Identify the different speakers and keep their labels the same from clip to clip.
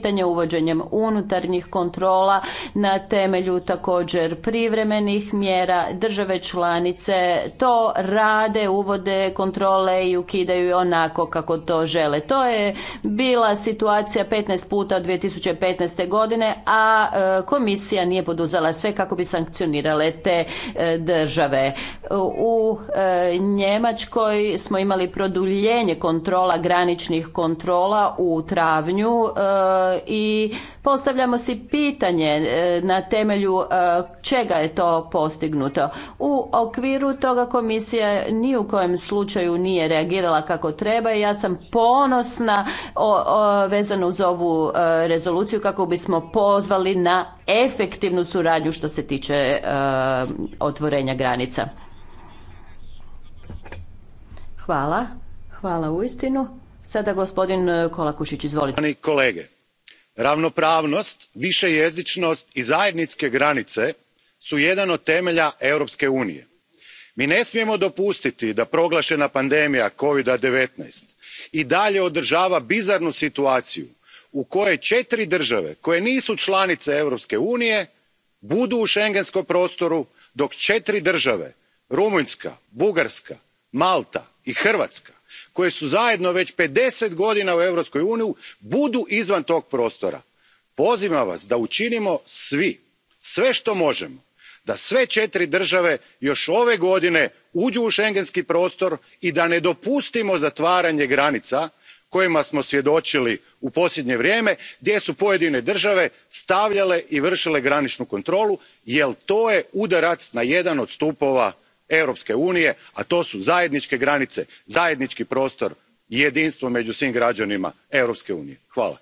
Speaker 1: pitanje uvođenjem unutarnjih kontrola na temelju također privremenih mjera države članice to rade, uvode kontrole i ukidaju onako kako to žele. To je bila situacija 15 puta od 2015. godine, a e, komisija nije poduzela sve kako bi sankcionirale te e, države. U e, Njemačkoj smo imali produljenje kontrola, graničnih kontrola u travnju i postavljamo si pitanje e, na temelju e, čega je to postignuto. U okviru toga komisija ni u kojem slučaju nije reagirala kako treba i ja sam ponosna vezano uz ovu e, rezoluciju kako bismo pozvali na efektivnu suradnju što se tiče otvorenja granica. Hvala. Hvala istinu.
Speaker 2: Sada gospodin Kolakušić, izvolite. kolege, ravnopravnost viejezinost i zajednike granice su jedan od temelja europske unije. mi ne smijemo dopustiti da proglaena pandemija covid nineteen i dalje održava bizarnu situaciju u kojoj četiri drave koje nisu članice europske unije budu u schengenskom prostoru dok četiri drave rumunjska bugarska malta i hrvatska koje su zajedno već fifty godina u europskoj uniji budu izvan tog prostora. pozivam vas da učinimo svi sve što možemo, da sve četiri države jo ove godine uđu u schengenski prostor i da ne dopustimo zatvaranje granica kojima smo svjedoili u posljednje vrijeme gdje su pojedine države stavljale i vršile graničnu kontrolu jer to je udarac na jedan od stupova europske unije a to su zajedničke granice zajednički prostor i jedinstvo među svim građanima europske unije. hvala.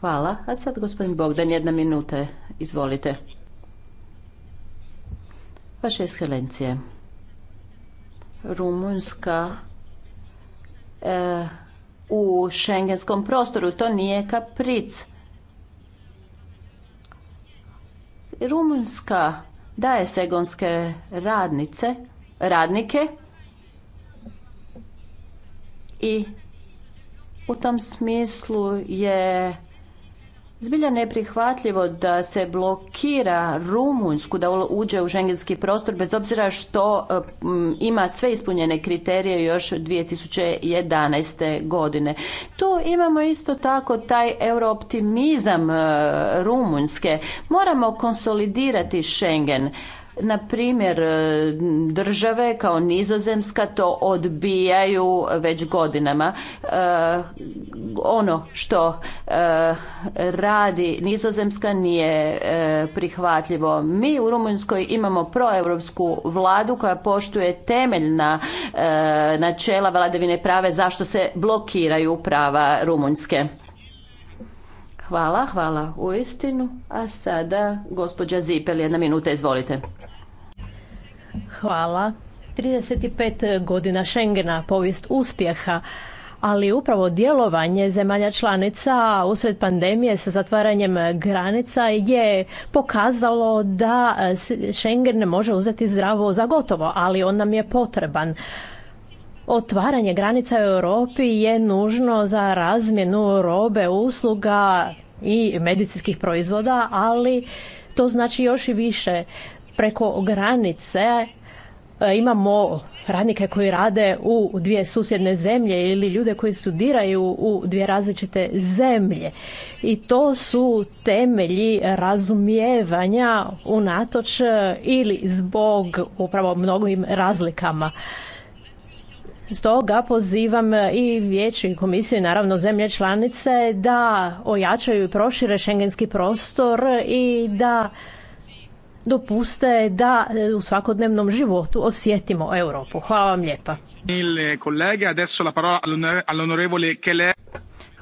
Speaker 1: Hvala. A sad gospodin Bogdan, jedna minute. Izvolite. Vaše ekscelencije, Rumunjska eh, u šengenskom prostoru. To nije kapric. Rumunjska daje segonske radnice, radnike i u tom smislu je Zbilja neprihvatljivo da se blokira Rumunjsku da uđe u šengenski prostor bez obzira što e, ima sve ispunjene kriterije još 2011. godine. Tu imamo isto tako taj eurooptimizam Rumunske. Rumunjske. Moramo konsolidirati Schengen. Na primjer, e, države kao Nizozemska to odbijaju već godinama. E, ono što e, radi Nizozemska nije prihvatljivo. Mi u Rumunjskoj imamo proeuropsku vladu koja poštuje temeljna načela vladavine prave zašto se blokiraju prava Rumunjske. Hvala, hvala u istinu. A sada gospođa Zipel, jedna minuta, izvolite.
Speaker 3: Hvala. 35 godina Schengena, povijest uspjeha, ali upravo djelovanje zemalja članica usred pandemije sa zatvaranjem granica je pokazalo da Schengen ne može uzeti zdravo za gotovo, ali on nam je potreban. Otvaranje granica u Europi je nužno za razmjenu robe, usluga i medicinskih proizvoda, ali to znači još i više preko granice e, imamo radnike koji rade u dvije susjedne zemlje ili ljude koji studiraju u dvije različite zemlje. I to su temelji razumijevanja unatoč ili zbog upravo mnogim razlikama. Stoga pozivam i Vijećem Komisije komisiju i naravno zemlje članice da ojačaju i prošire šengenski prostor i da dopuste da e, u svakodnevnom životu osjetimo Europu. Hvala vam lijepa.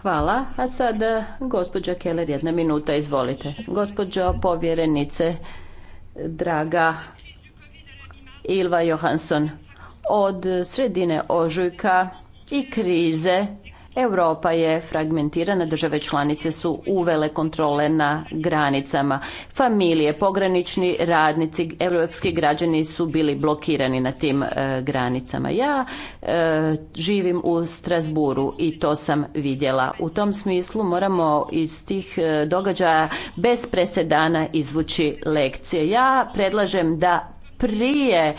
Speaker 1: Hvala. A sad e, gospođa Keller, jedna minuta, izvolite. Gospođo povjerenice, draga Ilva Johansson, od sredine ožujka i krize Europa je fragmentirana, države članice su uvele kontrole na granicama. Familije, pogranični radnici, europski građani su bili blokirani na tim e, granicama. Ja e, živim u Strasburu i to sam vidjela. U tom smislu moramo iz tih e, događaja bez presedana izvući lekcije. Ja predlažem da prije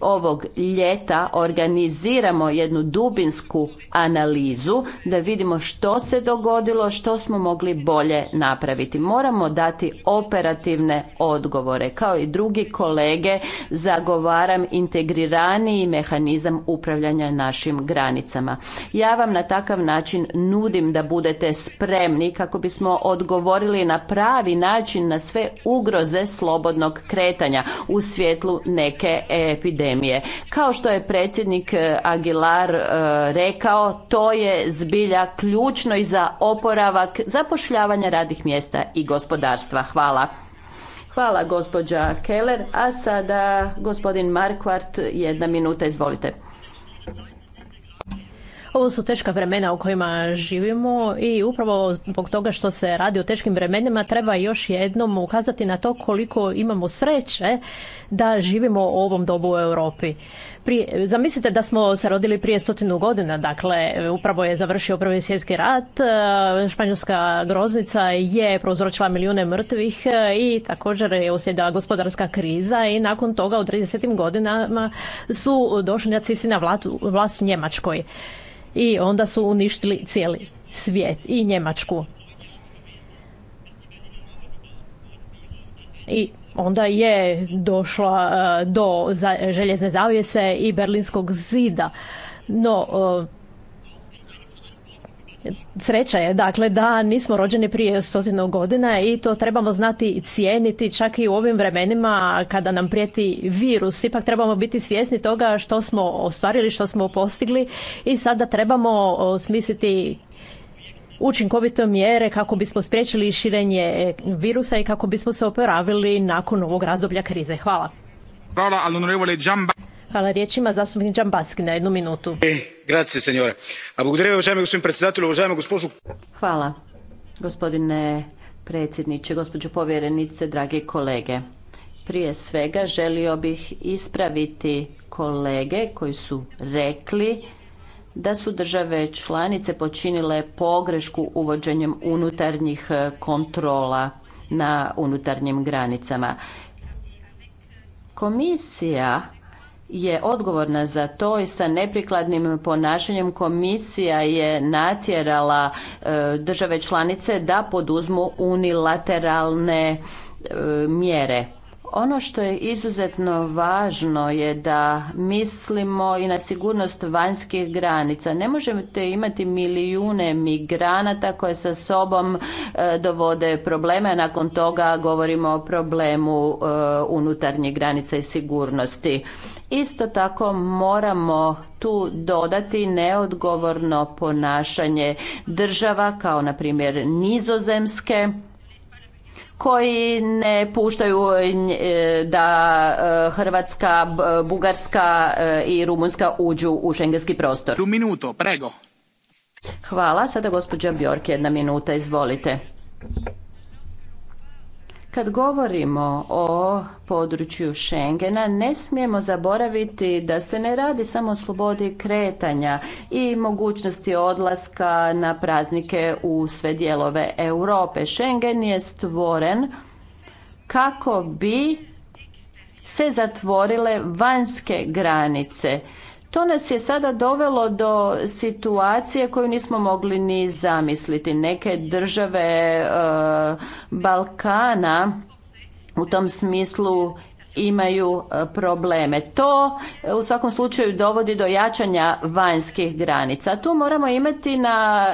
Speaker 1: ovog ljeta organiziramo jednu dubinsku analizu da vidimo što se dogodilo, što smo mogli bolje napraviti. Moramo dati operativne odgovore. Kao i drugi kolege zagovaram integriraniji mehanizam upravljanja našim granicama. Ja vam na takav način nudim da budete spremni kako bismo odgovorili na pravi način na sve ugroze slobodnog kretanja u svjetlu neke epidemije pandemije. Kao što je predsjednik e, Aguilar e, rekao, to je zbilja ključno i za oporavak zapošljavanja radnih mjesta i gospodarstva. Hvala. Hvala gospođa Keller, a sada gospodin Markvart, jedna minuta, izvolite.
Speaker 3: Ovo su teška vremena u kojima živimo i upravo zbog toga što se radi o teškim vremenima treba još jednom ukazati na to koliko imamo sreće da živimo u ovom dobu u Europi. zamislite da smo se rodili prije stotinu godina, dakle upravo je završio prvi svjetski rat, e, španjolska groznica je prouzročila milijune mrtvih e, i također je uslijedila gospodarska kriza i nakon toga u 30. godinama su došli nacisti na vlast u Njemačkoj i onda su uništili cijeli svijet i Njemačku. I onda je došla e, do željezne zavijese i berlinskog zida. No, e, Sreća je dakle da nismo rođeni prije stotinu godina i to trebamo znati i cijeniti čak i u ovim vremenima kada nam prijeti virus. Ipak trebamo biti svjesni toga što smo ostvarili, što smo postigli i sada trebamo smisliti učinkovito mjere kako bismo spriječili širenje virusa i kako bismo se oporavili nakon ovog razdoblja krize. Hvala. Hvala riječima zastupnik Đambaski na jednu minutu.
Speaker 2: E, grazie, signore. A
Speaker 1: Hvala, gospodine predsjedniče, gospođo povjerenice, dragi kolege. Prije svega želio bih ispraviti kolege koji su rekli da su države članice počinile pogrešku uvođenjem unutarnjih e, kontrola na unutarnjim granicama. Komisija je odgovorna za to i sa neprikladnim ponašanjem komisija je natjerala e, države članice da poduzmu unilateralne e, mjere ono što je izuzetno važno je da mislimo i na sigurnost vanjskih granica. Ne možete imati milijune migranata koje sa sobom e, dovode probleme, a nakon toga govorimo o problemu e, unutarnjih granica i sigurnosti. Isto tako moramo tu dodati neodgovorno ponašanje država kao na primjer Nizozemske koji ne puštaju e, da e, Hrvatska, Bugarska e, i Rumunjska uđu u šengenski prostor.
Speaker 4: minuto, prego.
Speaker 1: Hvala. Sada gospođa Bjork, jedna minuta, izvolite. Kad govorimo o području Schengena ne smijemo zaboraviti da se ne radi samo o slobodi kretanja i mogućnosti odlaska na praznike u sve dijelove Europe. Schengen je stvoren kako bi se zatvorile vanjske granice to nas je sada dovelo do situacije koju nismo mogli ni zamisliti. Neke države e, Balkana u tom smislu imaju e, probleme. To e, u svakom slučaju dovodi do jačanja vanjskih granica. Tu moramo imati na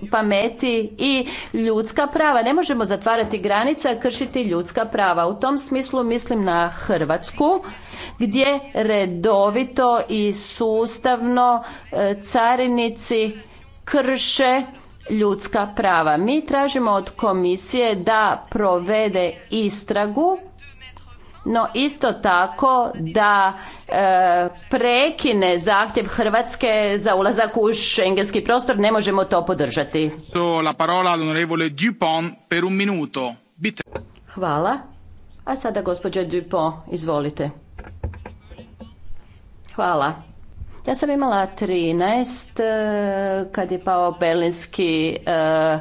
Speaker 1: e, pameti i ljudska prava. Ne možemo zatvarati granice, a kršiti ljudska prava. U tom smislu mislim na Hrvatsku gdje redovito i sustavno carinici krše ljudska prava. Mi tražimo od komisije da provede istragu no isto tako da e, prekine zahtjev Hrvatske za ulazak u šengenski prostor, ne možemo to podržati. Hvala. A sada gospođa Dupont, izvolite. Hvala. Ja sam imala 13 e, kad je pao Berlinski e,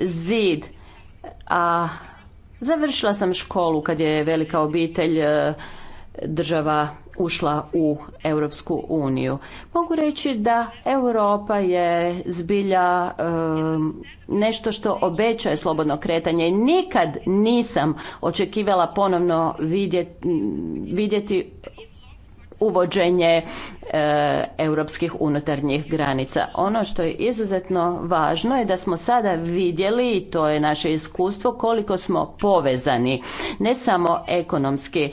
Speaker 1: zid, a Završila sam školu kad je velika obitelj e, država ušla u Europsku uniju. Mogu reći da Europa je zbilja e, nešto što obećaje slobodno kretanje. Nikad nisam očekivala ponovno vidjeti uvođenje E, europskih unutarnjih granica. Ono što je izuzetno važno je da smo sada vidjeli i to je naše iskustvo koliko smo povezani, ne samo ekonomski. E,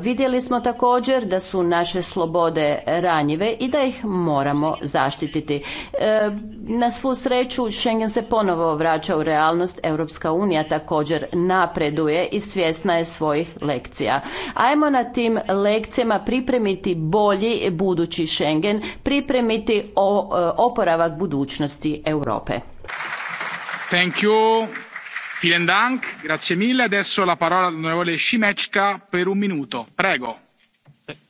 Speaker 1: vidjeli smo također da su naše slobode ranjive i da ih moramo zaštititi. E, na svu sreću Schengen se ponovo vraća u realnost, Europska unija također napreduje i svjesna je svojih lekcija. Ajmo na tim lekcijama pripremiti bolji budući Schengen, pripremiti e, oporavak
Speaker 2: budućnosti Europe. Thank you. Vielen Dank. Grazie mille. Adesso la parola all'onorevole Šimečka per un minuto. Prego.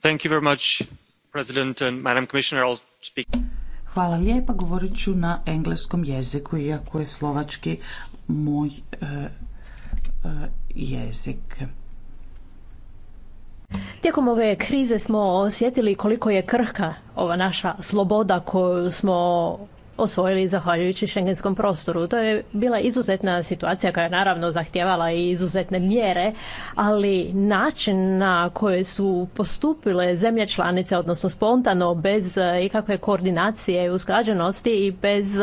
Speaker 2: Thank you very much, President and Madam Commissioner. I'll speak. Hvala lijepa,
Speaker 5: govorit ću na engleskom jeziku, iako je slovački moj uh, uh, jezik.
Speaker 3: Tijekom ove krize smo osjetili koliko je krhka ova naša sloboda koju smo osvojili zahvaljujući šengenskom prostoru. To je bila izuzetna situacija koja je naravno zahtijevala i izuzetne mjere, ali način na koje su postupile zemlje članice, odnosno spontano, bez ikakve koordinacije i usklađenosti i bez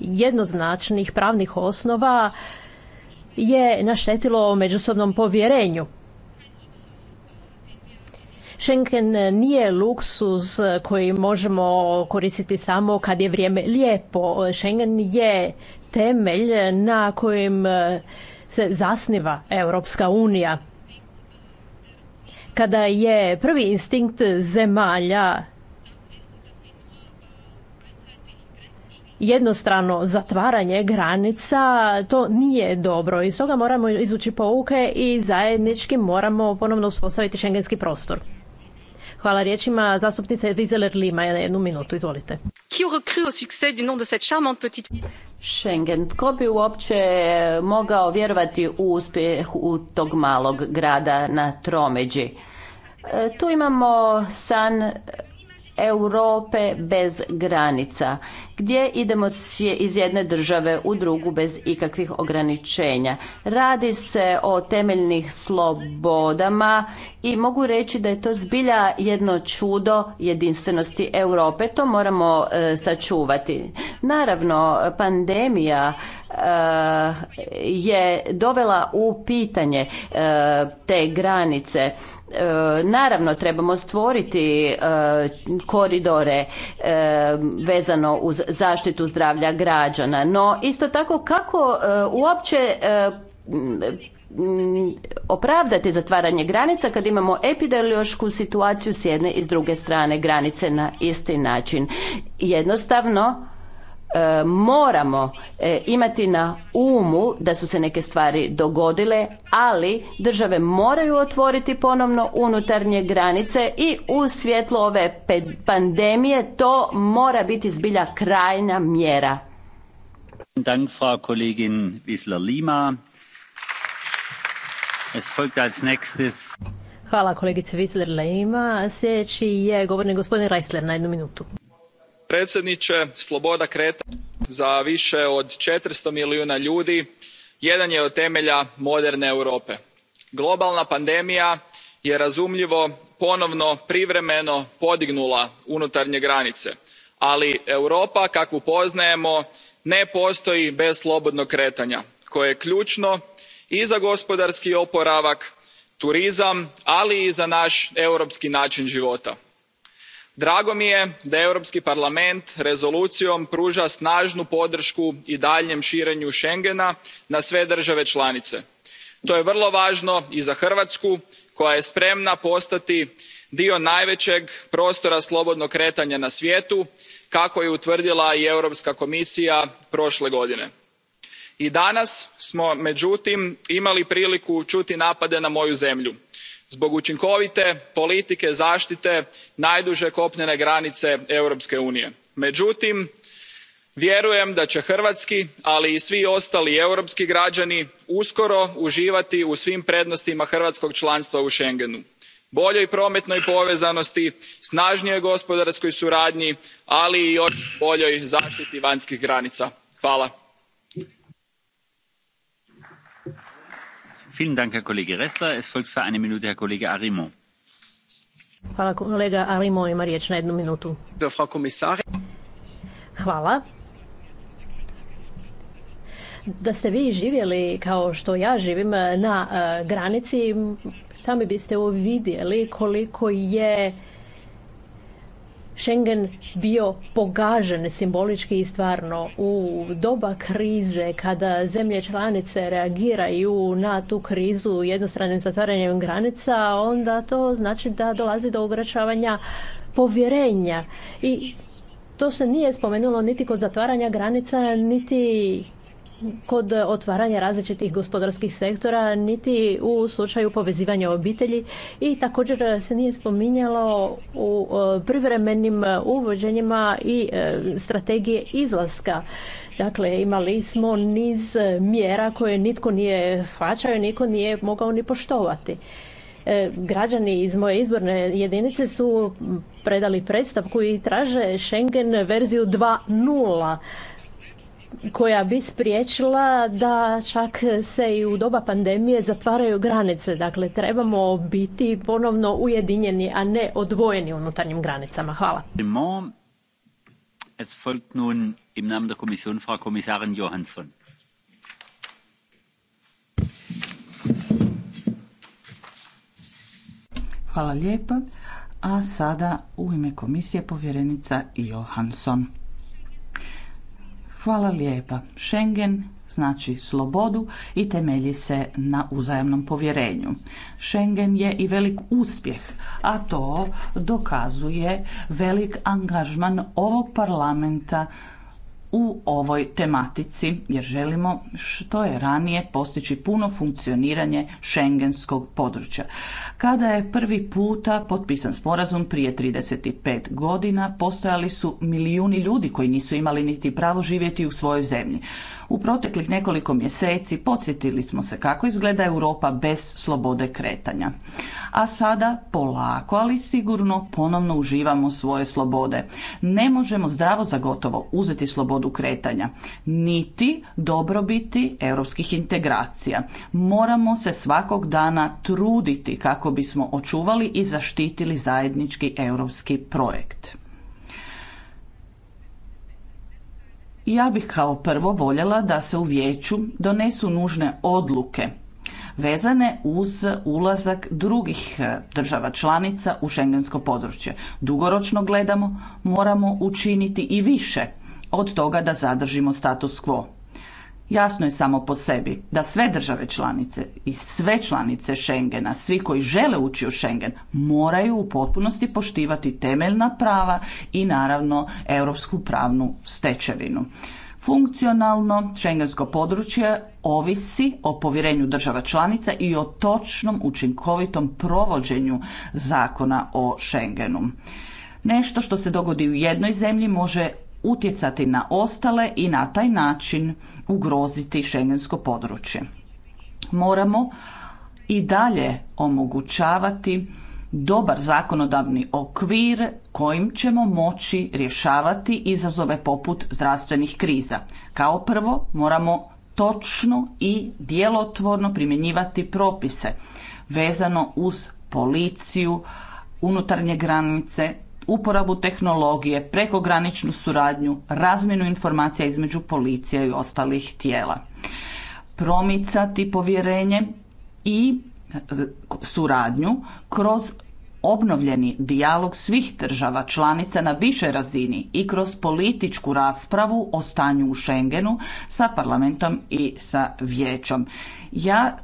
Speaker 3: jednoznačnih pravnih osnova, je naštetilo međusobnom povjerenju. Schengen nije luksuz koji možemo koristiti samo kad je vrijeme lijepo. Schengen je temelj na kojem se zasniva Europska unija. Kada je prvi instinkt zemalja jednostrano zatvaranje granica, to nije dobro. I toga moramo izući pouke i zajednički moramo ponovno uspostaviti šengenski prostor. Hvala riječima zastupnice Vizeler Lima. Jednu minutu, izvolite.
Speaker 2: Qui
Speaker 1: Schengen. Tko bi uopće mogao vjerovati u uspjeh u tog malog grada na tromeđi? E, tu imamo san Europe bez granica, gdje idemo iz jedne države u drugu bez ikakvih ograničenja. Radi se o temeljnih slobodama i mogu reći da je to zbilja jedno čudo jedinstvenosti Europe. To moramo e, sačuvati. Naravno, pandemija e, je dovela u pitanje e, te granice E, naravno, trebamo stvoriti e, koridore e, vezano uz zaštitu zdravlja građana, no isto tako kako uopće opravdati zatvaranje granica kad imamo epidemiološku situaciju s jedne i s druge strane granice na isti način. Jednostavno E, moramo e, imati na umu da su se neke stvari dogodile, ali države moraju otvoriti ponovno unutarnje granice i u svjetlu ove pandemije to mora biti zbilja krajnja
Speaker 3: mjera.
Speaker 6: Dank, Frau Kollegin Lima. Es folgt als nächstes...
Speaker 3: Hvala kolegice Wiesler Lima. Sljedeći je govornik gospodin Reisler na jednu minutu.
Speaker 4: Predsjedniče, sloboda kretanja za više od four milijuna ljudi jedan je od temelja moderne europe. globalna pandemija je razumljivo ponovno privremeno podignula unutarnje granice ali europa kakvu poznajemo ne postoji bez slobodnog kretanja koje je kljuno i za gospodarski oporavak turizam ali i za na europski nain života drago mi je da europski parlament rezolucijom pruža snažnu podršku i daljnjem širenju schengena na sve države članice. to je vrlo važno i za hrvatsku koja je spremna postati dio najvećeg prostora slobodnog kretanja na svijetu kako je utvrdila i europska komisija prošle godine. i danas smo međutim, imali priliku uti napade na moju zemlju zbog uinkovite politike zatite najduže kopnene granice europske unije. meutim vjerujem da će hrvatski ali i svi ostali europski građani uskoro uživati u svim prednostima hrvatskog članstva u schengenu boljoj prometnoj povezanosti snanijoj gospodarskoj suradnji ali i jo boljoj zaštiti vanjskih granica. hvala.
Speaker 3: Hvala kolega Arimo ima riječ na jednu minutu. Hvala. Da ste vi živjeli kao što ja živim na eh, granici, sami biste uvidjeli koliko je Schengen bio pogažen simbolički i stvarno u doba krize kada zemlje članice reagiraju na tu krizu jednostranim zatvaranjem granica, onda to znači da dolazi do ugračavanja povjerenja i to se nije spomenulo niti kod zatvaranja granica, niti kod otvaranja različitih gospodarskih sektora, niti u slučaju povezivanja obitelji i također se nije spominjalo u e, privremenim uvođenjima i e, strategije izlaska. Dakle, imali smo niz mjera koje nitko nije shvaćao i nitko nije mogao ni poštovati e, građani iz moje izborne jedinice su predali predstavku i traže Schengen verziju 2.0 koja bi spriječila da čak se i u doba pandemije zatvaraju granice. Dakle, trebamo biti ponovno ujedinjeni, a ne odvojeni unutarnjim granicama. Hvala.
Speaker 6: Es folgt nun im Namen der Kommission Frau Kommissarin Johansson.
Speaker 5: Hvala lijepa. A sada u ime komisije povjerenica Johansson. Hvala lijepa. Schengen znači slobodu i temelji se na uzajamnom povjerenju. Schengen je i velik uspjeh, a to dokazuje velik angažman ovog parlamenta u ovoj tematici jer želimo što je ranije postići puno funkcioniranje šengenskog područja. Kada je prvi puta potpisan sporazum prije 35 godina postojali su milijuni ljudi koji nisu imali niti pravo živjeti u svojoj zemlji. U proteklih nekoliko mjeseci podsjetili smo se kako izgleda Europa bez slobode kretanja. A sada polako, ali sigurno ponovno uživamo svoje slobode. Ne možemo zdravo za gotovo uzeti slobodu kretanja, niti dobrobiti europskih integracija. Moramo se svakog dana truditi kako bismo očuvali i zaštitili zajednički europski projekt. Ja bih kao prvo voljela da se u vijeću donesu nužne odluke vezane uz ulazak drugih e, država članica u šengensko područje. Dugoročno gledamo, moramo učiniti i više od toga da zadržimo status quo. Jasno je samo po sebi da sve države članice i sve članice Schengena, svi koji žele ući u Schengen, moraju u potpunosti poštivati temeljna prava i naravno europsku pravnu stečevinu. Funkcionalno šengensko područje ovisi o povjerenju država članica i o točnom učinkovitom provođenju zakona o Schengenu. Nešto što se dogodi u jednoj zemlji može utjecati na ostale i na taj način ugroziti šengensko područje. Moramo i dalje omogućavati dobar zakonodavni okvir kojim ćemo moći rješavati izazove poput zdravstvenih kriza. Kao prvo moramo točno i djelotvorno primjenjivati propise vezano uz policiju, unutarnje granice, uporabu tehnologije, prekograničnu suradnju, razmjenu informacija između policije i ostalih tijela. Promicati povjerenje i suradnju kroz obnovljeni dijalog svih država članica na višoj razini i kroz političku raspravu o stanju u Schengenu sa parlamentom i sa vijećom. Ja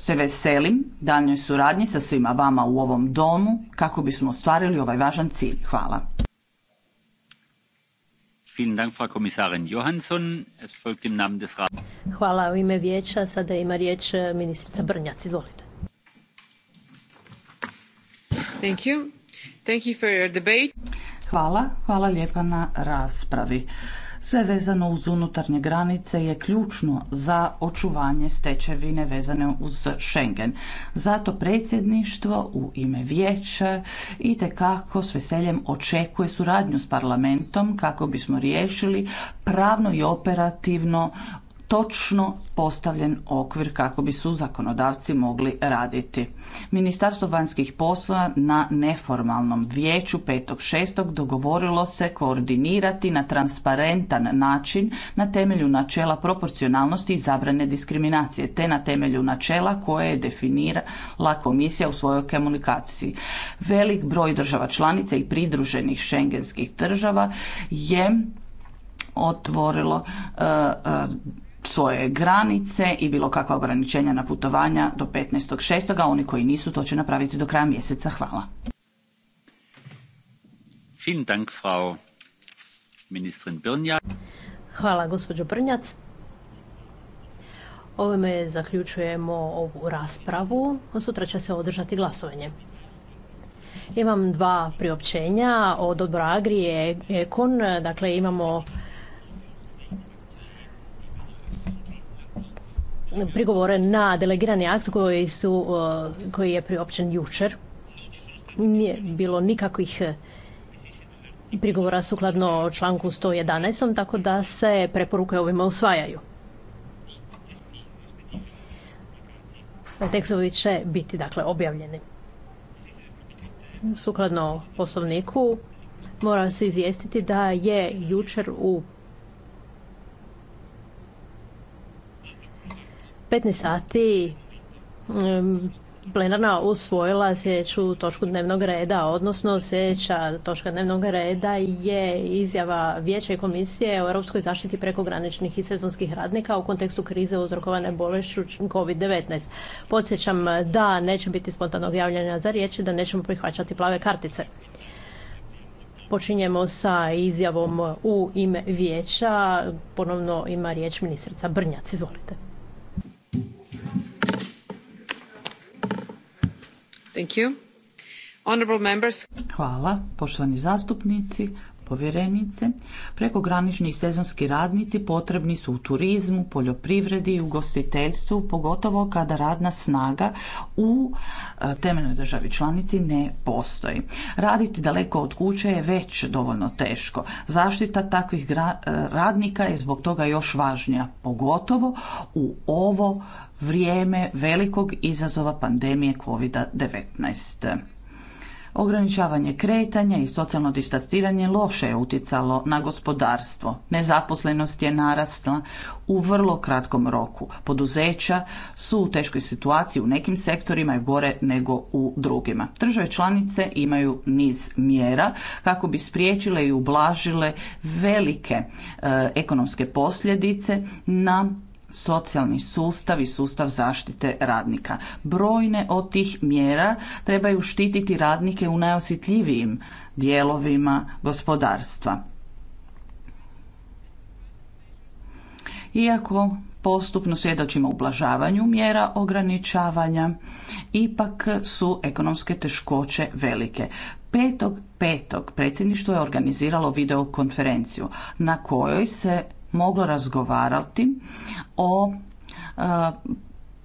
Speaker 5: se veselim daljnjoj suradnji sa svima vama u ovom domu kako bismo ostvarili ovaj važan cilj. Hvala.
Speaker 3: Hvala u ime vijeća. Sada ima riječ e, ministrica Brnjac. Izvolite. Thank you. Thank
Speaker 5: Hvala, hvala lijepa na raspravi sve vezano uz unutarnje granice je ključno za očuvanje stečevine vezane uz Schengen. Zato predsjedništvo u ime vijeća i tekako s veseljem očekuje suradnju s parlamentom kako bismo riješili pravno i operativno točno postavljen okvir kako bi su zakonodavci mogli raditi. Ministarstvo vanjskih poslova na neformalnom vijeću 5.6. dogovorilo se koordinirati na transparentan način na temelju načela proporcionalnosti i zabrane diskriminacije, te na temelju načela koje je definirala komisija u svojoj komunikaciji. Velik broj država članica i pridruženih šengenskih država je otvorilo e, e, svoje granice i bilo kakva ograničenja na putovanja do 15.6. Oni koji nisu to će napraviti do kraja mjeseca. Hvala.
Speaker 3: Hvala gospođo Brnjac. Ovime zaključujemo ovu raspravu. Sutra će se održati glasovanje. Imam dva priopćenja od odbora Agrije Ekon. Dakle, imamo prigovore na delegirani akt koji, su, koji je priopćen jučer. Nije bilo nikakvih e, prigovora sukladno članku 111, tako da se preporuke ovima usvajaju. Tekstovi će biti dakle objavljeni. Sukladno poslovniku mora se izvijestiti da je jučer u 15 sati plenarna usvojila sljedeću točku dnevnog reda, odnosno sljedeća točka dnevnog reda je izjava Vijeća i Komisije o europskoj zaštiti prekograničnih i sezonskih radnika u kontekstu krize uzrokovane bolešću COVID-19. Podsjećam da neće biti spontanog javljanja za riječ i da nećemo prihvaćati plave kartice. Počinjemo sa izjavom u ime vijeća. Ponovno ima riječ ministrica Brnjac. Izvolite.
Speaker 5: Hvala, poštovani zastupnici, povjerenice. Prekogranični sezonski radnici potrebni su u turizmu, poljoprivredi i ugostiteljstvu, pogotovo kada radna snaga u e, temeljnoj državi članici ne postoji. Raditi daleko od kuće je već dovoljno teško. Zaštita takvih e, radnika je zbog toga još važnija, pogotovo u ovo vrijeme velikog izazova pandemije COVID-19. Ograničavanje kretanja i socijalno distanciranje loše je utjecalo na gospodarstvo. Nezaposlenost je narasla u vrlo kratkom roku. Poduzeća su u teškoj situaciji u nekim sektorima je gore nego u drugima. Države članice imaju niz mjera kako bi spriječile i ublažile velike e, ekonomske posljedice na socijalni sustav i sustav zaštite radnika. Brojne od tih mjera trebaju štititi radnike u najosjetljivijim dijelovima gospodarstva. Iako postupno svjedočimo ublažavanju mjera ograničavanja, ipak su ekonomske teškoće velike. Petog petog predsjedništvo je organiziralo videokonferenciju na kojoj se moglo razgovarati o e,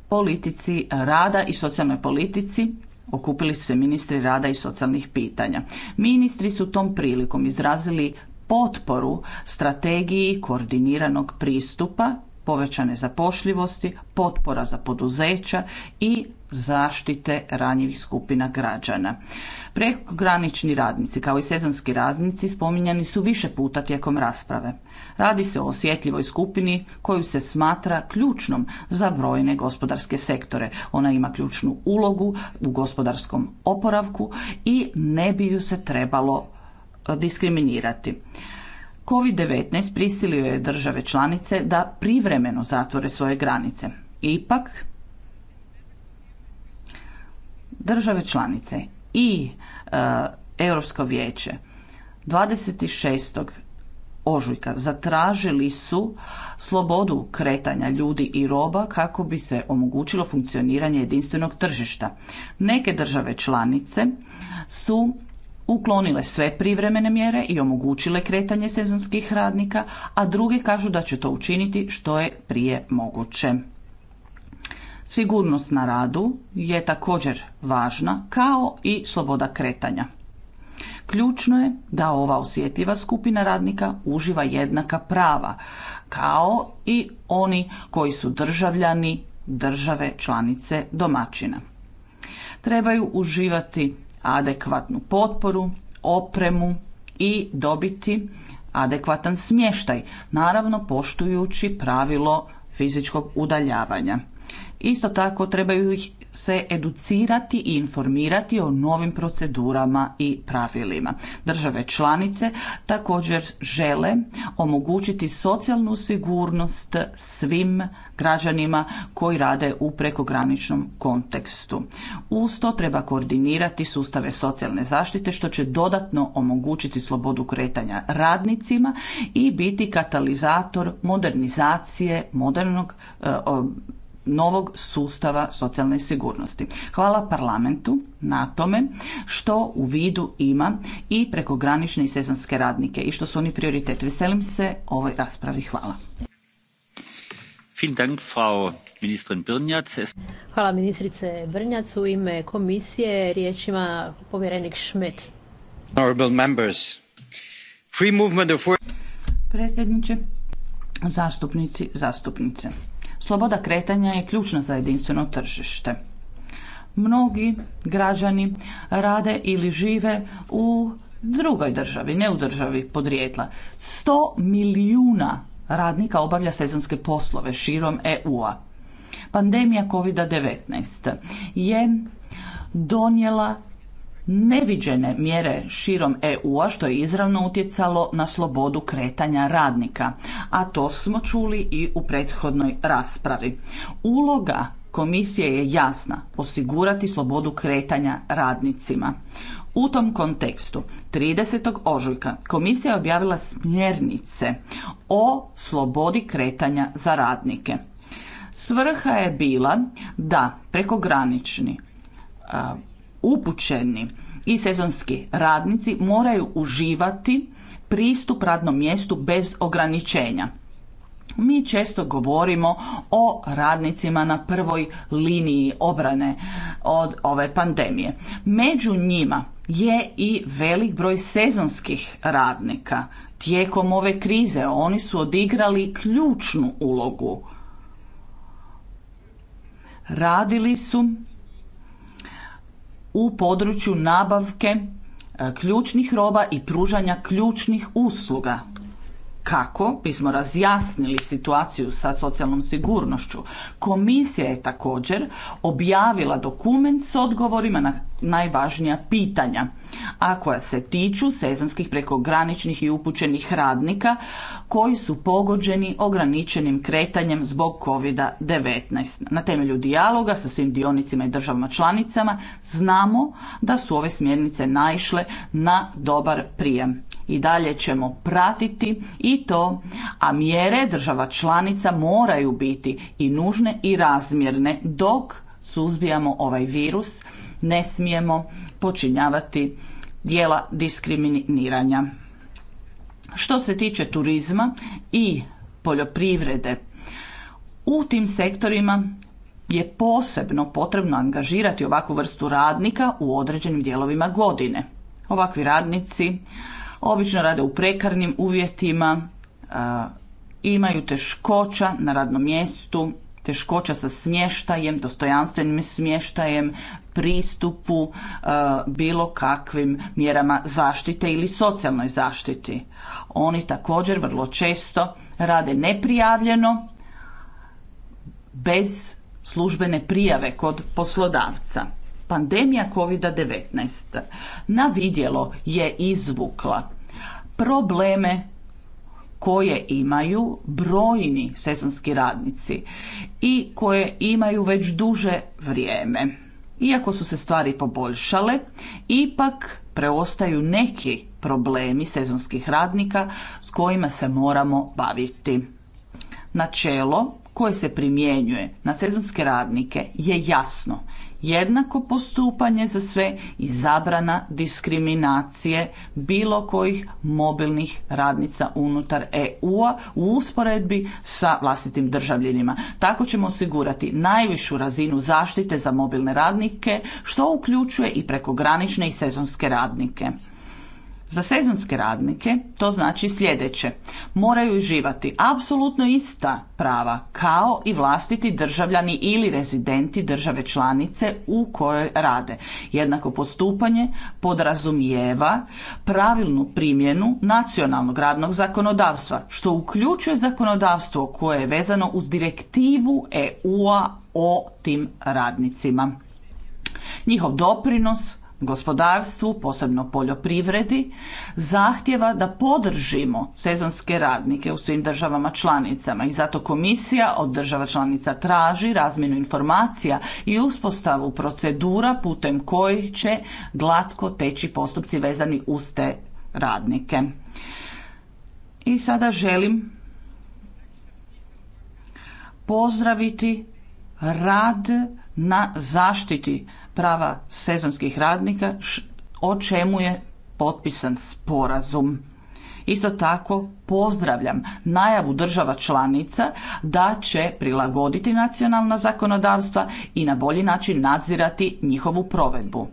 Speaker 5: politici rada i socijalnoj politici okupili su se ministri rada i socijalnih pitanja. Ministri su tom prilikom izrazili potporu strategiji koordiniranog pristupa, povećane zapošljivosti, potpora za poduzeća i zaštite ranjivih skupina građana. Prekogranični radnici kao i sezonski radnici spominjani su više puta tijekom rasprave. Radi se o osjetljivoj skupini koju se smatra ključnom za brojne gospodarske sektore. Ona ima ključnu ulogu u gospodarskom oporavku i ne bi ju se trebalo e, diskriminirati. COVID-19 prisilio je države članice da privremeno zatvore svoje granice. Ipak, države članice i e, Europsko vijeće 26 ožujka zatražili su slobodu kretanja ljudi i roba kako bi se omogućilo funkcioniranje jedinstvenog tržišta. Neke države članice su uklonile sve privremene mjere i omogućile kretanje sezonskih radnika, a druge kažu da će to učiniti što je prije moguće. Sigurnost na radu je također važna kao i sloboda kretanja. Ključno je da ova osjetljiva skupina radnika uživa jednaka prava kao i oni koji su državljani države članice domaćina. Trebaju uživati adekvatnu potporu, opremu i dobiti adekvatan smještaj, naravno poštujući pravilo fizičkog udaljavanja. Isto tako trebaju ih se educirati i informirati o novim procedurama i pravilima. Države članice također žele omogućiti socijalnu sigurnost svim građanima koji rade u prekograničnom kontekstu. Uz to treba koordinirati sustave socijalne zaštite što će dodatno omogućiti slobodu kretanja radnicima i biti katalizator modernizacije modernog e, novog sustava socijalne sigurnosti. Hvala parlamentu na tome što u vidu ima i prekogranične i sezonske radnike i što su oni prioritet. Veselim se ovoj raspravi. Hvala. Hvala
Speaker 3: ministrice Brnjac. U ime komisije riječ ima povjerenik Schmidt.
Speaker 2: Free
Speaker 5: zastupnici, zastupnice. Sloboda kretanja je ključna za jedinstveno tržište. Mnogi građani rade ili žive u drugoj državi, ne u državi podrijetla. 100 milijuna radnika obavlja sezonske poslove širom EU-a. Pandemija COVID-19 je donijela neviđene mjere širom EU-a što je izravno utjecalo na slobodu kretanja radnika, a to smo čuli i u prethodnoj raspravi. Uloga komisije je jasna, osigurati slobodu kretanja radnicima. U tom kontekstu 30. ožujka komisija je objavila smjernice o slobodi kretanja za radnike. Svrha je bila da prekogranični upućeni i sezonski radnici moraju uživati pristup radnom mjestu bez ograničenja. Mi često govorimo o radnicima na prvoj liniji obrane od ove pandemije. Među njima je i velik broj sezonskih radnika. Tijekom ove krize oni su odigrali ključnu ulogu. Radili su u području nabavke e, ključnih roba i pružanja ključnih usluga kako bismo razjasnili situaciju sa socijalnom sigurnošću. Komisija je također objavila dokument s odgovorima na najvažnija pitanja, a koja se tiču sezonskih prekograničnih i upućenih radnika koji su pogođeni ograničenim kretanjem zbog COVID-19. Na temelju dijaloga sa svim dionicima i državama članicama znamo da su ove smjernice naišle na dobar prijem i dalje ćemo pratiti i to, a mjere država članica moraju biti i nužne i razmjerne dok suzbijamo ovaj virus, ne smijemo počinjavati dijela diskriminiranja. Što se tiče turizma i poljoprivrede, u tim sektorima je posebno potrebno angažirati ovakvu vrstu radnika u određenim dijelovima godine. Ovakvi radnici obično rade u prekarnim uvjetima, imaju teškoća na radnom mjestu, teškoća sa smještajem, dostojanstvenim smještajem, pristupu bilo kakvim mjerama zaštite ili socijalnoj zaštiti. Oni također vrlo često rade neprijavljeno, bez službene prijave kod poslodavca. Pandemija COVID-19 na vidjelo je izvukla probleme koje imaju brojni sezonski radnici i koje imaju već duže vrijeme. Iako su se stvari poboljšale, ipak preostaju neki problemi sezonskih radnika s kojima se moramo baviti. Načelo koje se primjenjuje na sezonske radnike je jasno jednako postupanje za sve i zabrana diskriminacije bilo kojih mobilnih radnica unutar EU-a u usporedbi sa vlastitim državljanima. Tako ćemo osigurati najvišu razinu zaštite za mobilne radnike što uključuje i prekogranične i sezonske radnike. Za sezonske radnike to znači sljedeće. Moraju uživati apsolutno ista prava kao i vlastiti državljani ili rezidenti države članice u kojoj rade. Jednako postupanje podrazumijeva pravilnu primjenu nacionalnog radnog zakonodavstva, što uključuje zakonodavstvo koje je vezano uz direktivu EU-a o tim radnicima. Njihov doprinos gospodarstvu, posebno poljoprivredi, zahtjeva da podržimo sezonske radnike u svim državama članicama i zato komisija od država članica traži razmjenu informacija i uspostavu procedura putem kojih će glatko teći postupci vezani uz te radnike. I sada želim pozdraviti rad na zaštiti prava sezonskih radnika o čemu je potpisan sporazum. Isto tako pozdravljam najavu država članica da će prilagoditi nacionalna zakonodavstva i na bolji način nadzirati njihovu provedbu.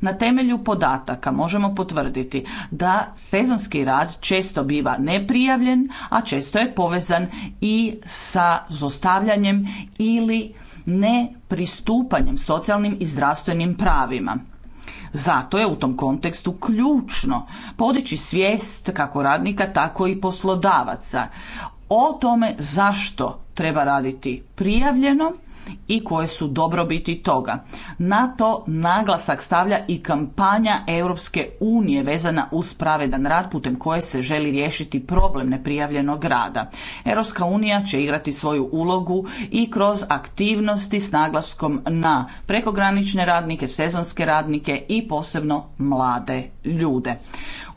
Speaker 5: Na temelju podataka možemo potvrditi da sezonski rad često biva neprijavljen, a često je povezan i sa zostavljanjem ili ne pristupanjem socijalnim i zdravstvenim pravima. Zato je u tom kontekstu ključno podići svijest kako radnika, tako i poslodavaca o tome zašto treba raditi prijavljeno i koje su dobrobiti toga. Na to naglasak stavlja i kampanja Europske unije vezana uz pravedan rad putem koje se želi riješiti problem neprijavljenog rada. Europska unija će igrati svoju ulogu i kroz aktivnosti s naglaskom na prekogranične radnike, sezonske radnike i posebno mlade ljude.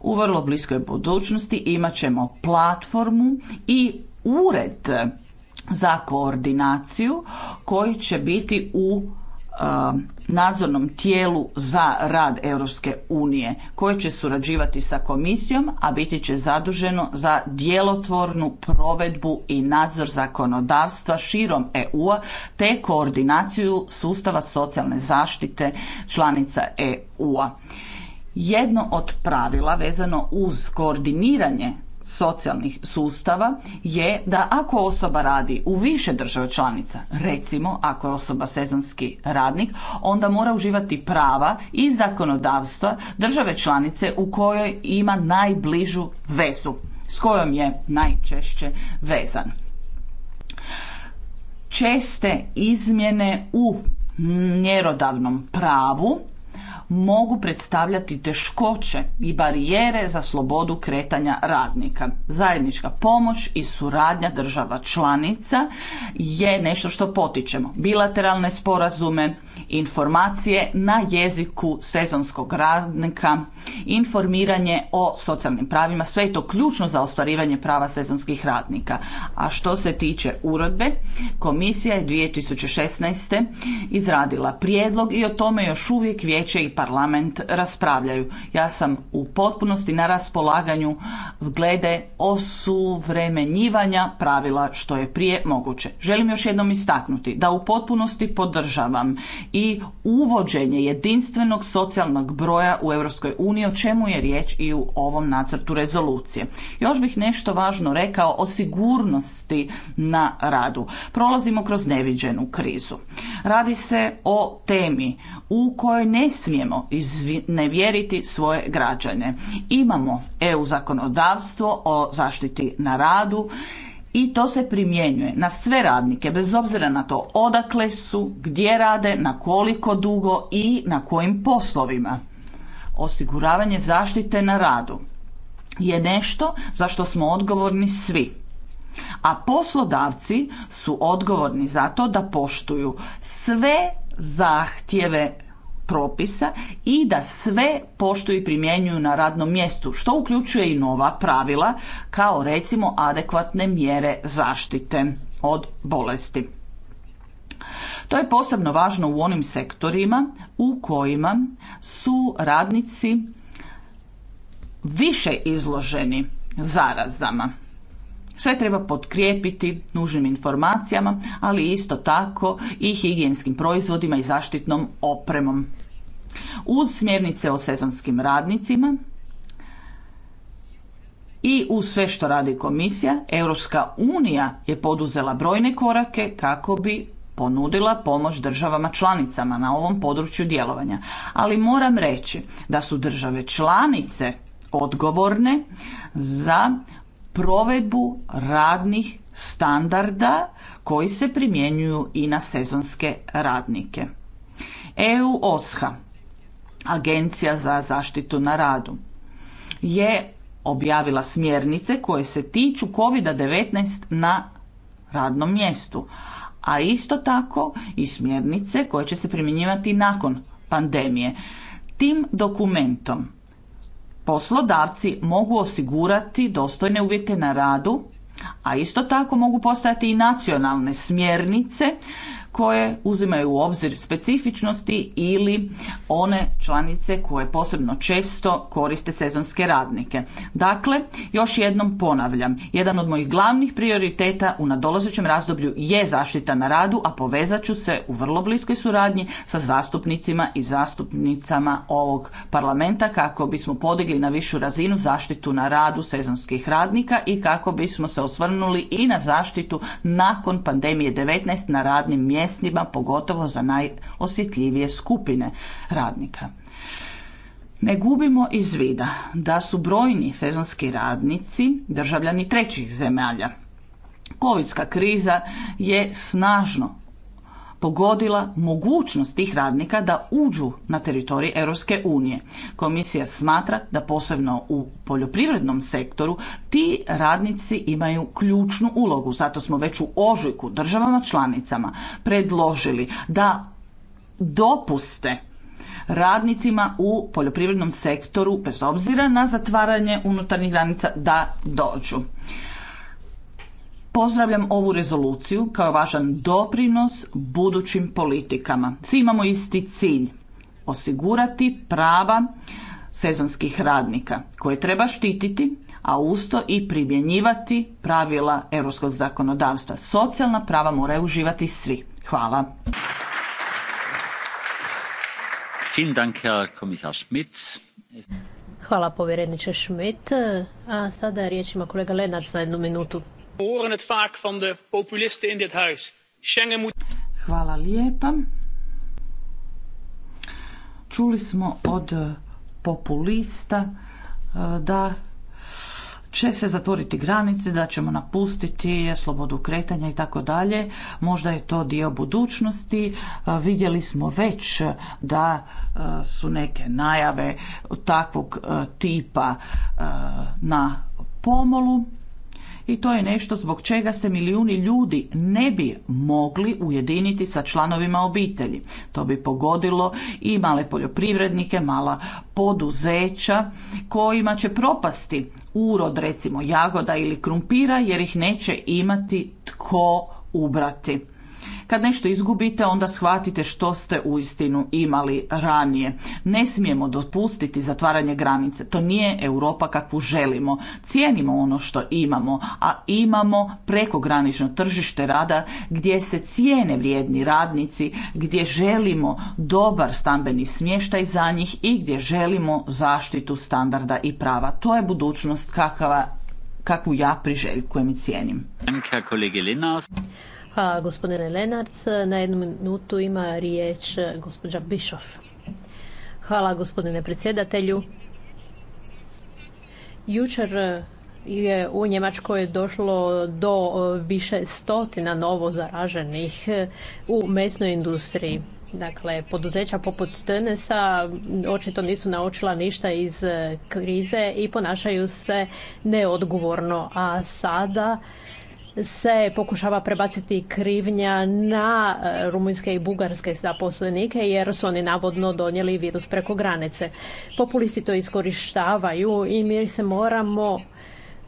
Speaker 5: U vrlo bliskoj budućnosti imat ćemo platformu i ured za koordinaciju koji će biti u e, nadzornom tijelu za rad Europske unije koje će surađivati sa komisijom, a biti će zaduženo za djelotvornu provedbu i nadzor zakonodavstva širom EU-a te koordinaciju sustava socijalne zaštite članica EU-a. Jedno od pravila vezano uz koordiniranje socijalnih sustava je da ako osoba radi u više država članica, recimo ako je osoba sezonski radnik, onda mora uživati prava i zakonodavstva države članice u kojoj ima najbližu vezu, s kojom je najčešće vezan. Česte izmjene u mjerodavnom pravu mogu predstavljati teškoće i barijere za slobodu kretanja radnika. Zajednička pomoć i suradnja država članica je nešto što potičemo. Bilateralne sporazume, informacije na jeziku sezonskog radnika, informiranje o socijalnim pravima, sve je to ključno za ostvarivanje prava sezonskih radnika. A što se tiče urodbe, komisija je 2016. izradila prijedlog i o tome još uvijek vijeće i parlament raspravljaju. Ja sam u potpunosti na raspolaganju glede osuvremenjivanja pravila što je prije moguće. Želim još jednom istaknuti da u potpunosti podržavam i uvođenje jedinstvenog socijalnog broja u Europskoj uniji o čemu je riječ i u ovom nacrtu rezolucije. Još bih nešto važno rekao o sigurnosti na radu. Prolazimo kroz neviđenu krizu. Radi se o temi u kojoj ne smijemo ne iznevjeriti svoje građane. Imamo EU zakonodavstvo o zaštiti na radu i to se primjenjuje na sve radnike bez obzira na to odakle su, gdje rade, na koliko dugo i na kojim poslovima. Osiguravanje zaštite na radu je nešto za što smo odgovorni svi. A poslodavci su odgovorni za to da poštuju sve zahtjeve propisa i da sve poštuju i primjenjuju na radnom mjestu, što uključuje i nova pravila kao recimo adekvatne mjere zaštite od bolesti. To je posebno važno u onim sektorima u kojima su radnici više izloženi zarazama. Sve treba potkrijepiti nužnim informacijama, ali isto tako i higijenskim proizvodima i zaštitnom opremom uz smjernice o sezonskim radnicima i uz sve što radi komisija, Europska unija je poduzela brojne korake kako bi ponudila pomoć državama članicama na ovom području djelovanja. Ali moram reći da su države članice odgovorne za provedbu radnih standarda koji se primjenjuju i na sezonske radnike. EU OSHA Agencija za zaštitu na radu je objavila smjernice koje se tiču COVID-19 na radnom mjestu, a isto tako i smjernice koje će se primjenjivati nakon pandemije. Tim dokumentom poslodavci mogu osigurati dostojne uvjete na radu, a isto tako mogu postojati i nacionalne smjernice koje uzimaju u obzir specifičnosti ili one članice koje posebno često koriste sezonske radnike. Dakle, još jednom ponavljam, jedan od mojih glavnih prioriteta u nadolazećem razdoblju je zaštita na radu, a povezat ću se u vrlo bliskoj suradnji sa zastupnicima i zastupnicama ovog parlamenta kako bismo podigli na višu razinu zaštitu na radu sezonskih radnika i kako bismo se osvrnuli i na zaštitu nakon pandemije 19 na radnim mjestima mjestima, pogotovo za najosjetljivije skupine radnika. Ne gubimo iz vida da su brojni sezonski radnici državljani trećih zemalja. Covidska kriza je snažno pogodila mogućnost tih radnika da uđu na teritorij Europske unije. Komisija smatra da posebno u poljoprivrednom sektoru ti radnici imaju ključnu ulogu. Zato smo već u ožujku državama članicama predložili da dopuste radnicima u poljoprivrednom sektoru bez obzira na zatvaranje unutarnjih granica da dođu. Pozdravljam ovu rezoluciju kao važan doprinos budućim politikama. Svi imamo isti cilj, osigurati prava sezonskih radnika koje treba štititi, a usto i primjenjivati pravila europskog zakonodavstva. Socijalna prava moraju uživati svi. Hvala. Hvala povjereniče
Speaker 3: Schmidt. A sada riječ ima kolega lenar za jednu minutu.
Speaker 5: Hvala lijepa. Čuli smo od eh, populista eh, da će se zatvoriti granice, da ćemo napustiti eh, slobodu kretanja i tako dalje. Možda je to dio budućnosti. Vidjeli smo već da su neke najave takvog tipa na pomolu i to je nešto zbog čega se milijuni ljudi ne bi mogli ujediniti sa članovima obitelji. To bi pogodilo i male poljoprivrednike, mala poduzeća kojima će propasti urod recimo jagoda ili krumpira jer ih neće imati tko ubrati. Kad nešto izgubite, onda shvatite što ste uistinu imali ranije. Ne smijemo dopustiti zatvaranje granice. To nije Europa kakvu želimo. Cijenimo ono što imamo, a imamo prekogranično tržište rada gdje se cijene vrijedni radnici, gdje želimo dobar stambeni smještaj za njih i gdje želimo zaštitu standarda i prava. To je budućnost kakvu ja priželjkujem i cijenim.
Speaker 3: Hvala pa, gospodine Lenarc. Na jednu minutu ima riječ gospođa Bišov. Hvala gospodine predsjedatelju. Jučer je u Njemačkoj došlo do više stotina novo zaraženih u mesnoj industriji. Dakle, poduzeća poput tenesa očito nisu naučila ništa iz krize i ponašaju se neodgovorno. A sada se pokušava prebaciti krivnja na e, rumunjske i bugarske zaposlenike jer su oni navodno donijeli virus preko granice. Populisti to iskorištavaju i mi se moramo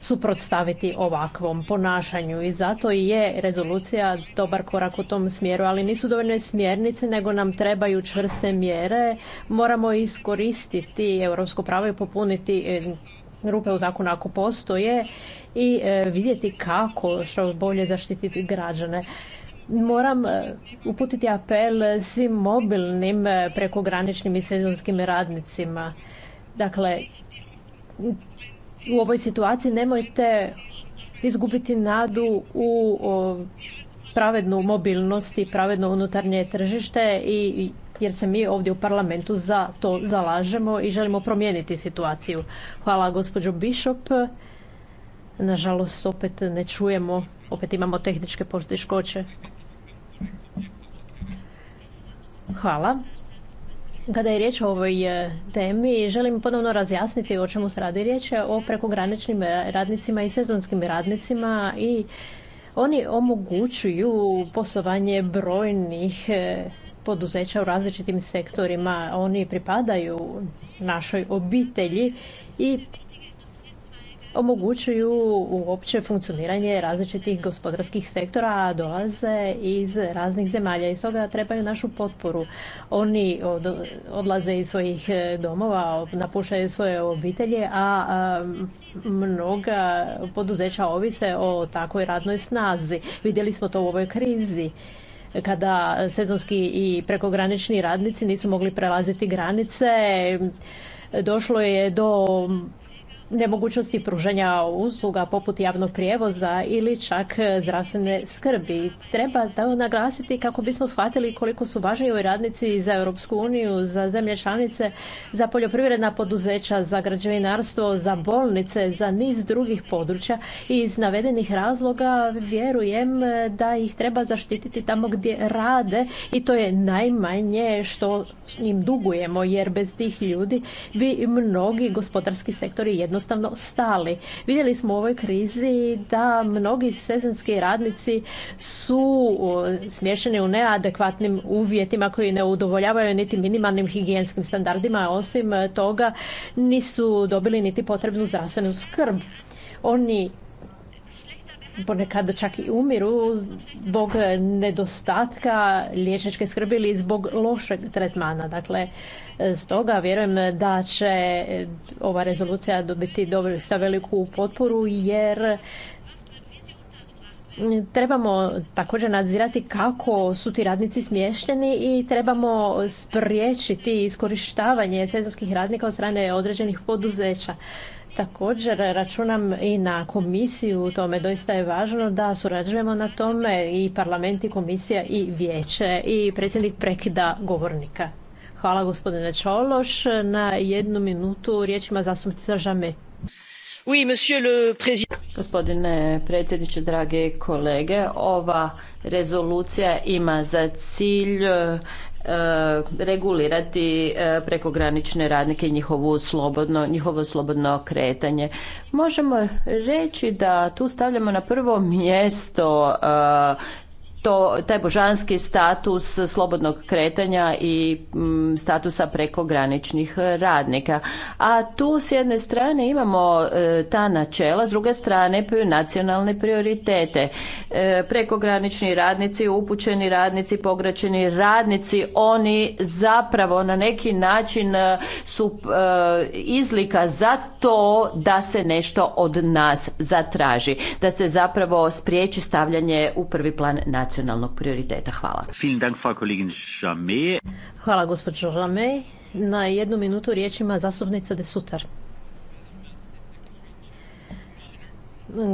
Speaker 3: suprotstaviti ovakvom ponašanju i zato je rezolucija dobar korak u tom smjeru, ali nisu dovoljne smjernice nego nam trebaju čvrste mjere. Moramo iskoristiti europsko pravo i popuniti e, rupe u zakonu ako postoje i e, vidjeti kako što bolje zaštititi građane. Moram e, uputiti apel svim mobilnim e, prekograničnim i sezonskim radnicima. Dakle, u ovoj situaciji nemojte izgubiti nadu u pravednu mobilnost i pravedno unutarnje tržište i jer se mi ovdje u parlamentu za to zalažemo i želimo promijeniti situaciju. Hvala gospođo Bishop. Nažalost, opet ne čujemo, opet imamo tehničke poteškoće. Hvala. Kada je riječ o ovoj e, temi, želim ponovno razjasniti o čemu se radi riječ o prekograničnim e, radnicima i sezonskim radnicima i oni omogućuju poslovanje brojnih e, poduzeća u različitim sektorima. Oni pripadaju našoj obitelji i omogućuju uopće funkcioniranje različitih gospodarskih sektora, a dolaze iz raznih zemalja i stoga trebaju našu potporu. Oni odlaze iz svojih e, domova, napuštaju svoje obitelje, a mnoga poduzeća ovise o takvoj radnoj snazi. Vidjeli smo to u ovoj krizi kada sezonski i prekogranični radnici nisu mogli prelaziti granice. Došlo je do nemogućnosti pružanja usluga poput javnog prijevoza ili čak zdravstvene skrbi. Treba da naglasiti kako bismo shvatili koliko su važni ovi radnici za Europsku uniju, za zemlje članice, za poljoprivredna poduzeća, za građevinarstvo, za bolnice, za niz drugih područja iz navedenih razloga vjerujem da ih treba zaštititi tamo gdje rade i to je najmanje što im dugujemo jer bez tih ljudi bi mnogi gospodarski sektori jedno jednostavno stali. Vidjeli smo u ovoj krizi da mnogi sezonski radnici su smješeni u neadekvatnim uvjetima koji ne udovoljavaju niti minimalnim higijenskim standardima, osim toga nisu dobili niti potrebnu zdravstvenu skrb. Oni ponekad čak i umiru zbog nedostatka liječničke skrbi ili zbog lošeg tretmana. Dakle, stoga vjerujem da će ova rezolucija dobiti doista veliku potporu jer trebamo također nadzirati kako su ti radnici smješteni i trebamo spriječiti iskorištavanje sezonskih radnika od strane određenih poduzeća. Također računam i na komisiju u tome. Doista je važno da surađujemo na tome i parlament i komisija i vijeće i predsjednik prekida govornika. Hvala gospodine Čološ. Na jednu minutu riječima zastupnica Žame.
Speaker 1: Oui, Gospodine predsjedniče, drage kolege, ova rezolucija ima za cilj E, regulirati e, prekogranične radnike i njihovo slobodno, njihovo slobodno kretanje. Možemo reći da tu stavljamo na prvo mjesto e, to, taj božanski status slobodnog kretanja i mm, statusa prekograničnih radnika. A tu s jedne strane imamo e, ta načela, s druge strane nacionalne prioritete. E, prekogranični radnici, upućeni radnici, pogračeni radnici, oni zapravo na neki način e, su izlika za to da se nešto od nas zatraži, da se zapravo spriječi stavljanje u
Speaker 3: prvi plan nacionalnih nacionalnog prioriteta. Hvala. Hvala gospođo Žamej. Na jednu minutu riječ ima zastupnica Desutar.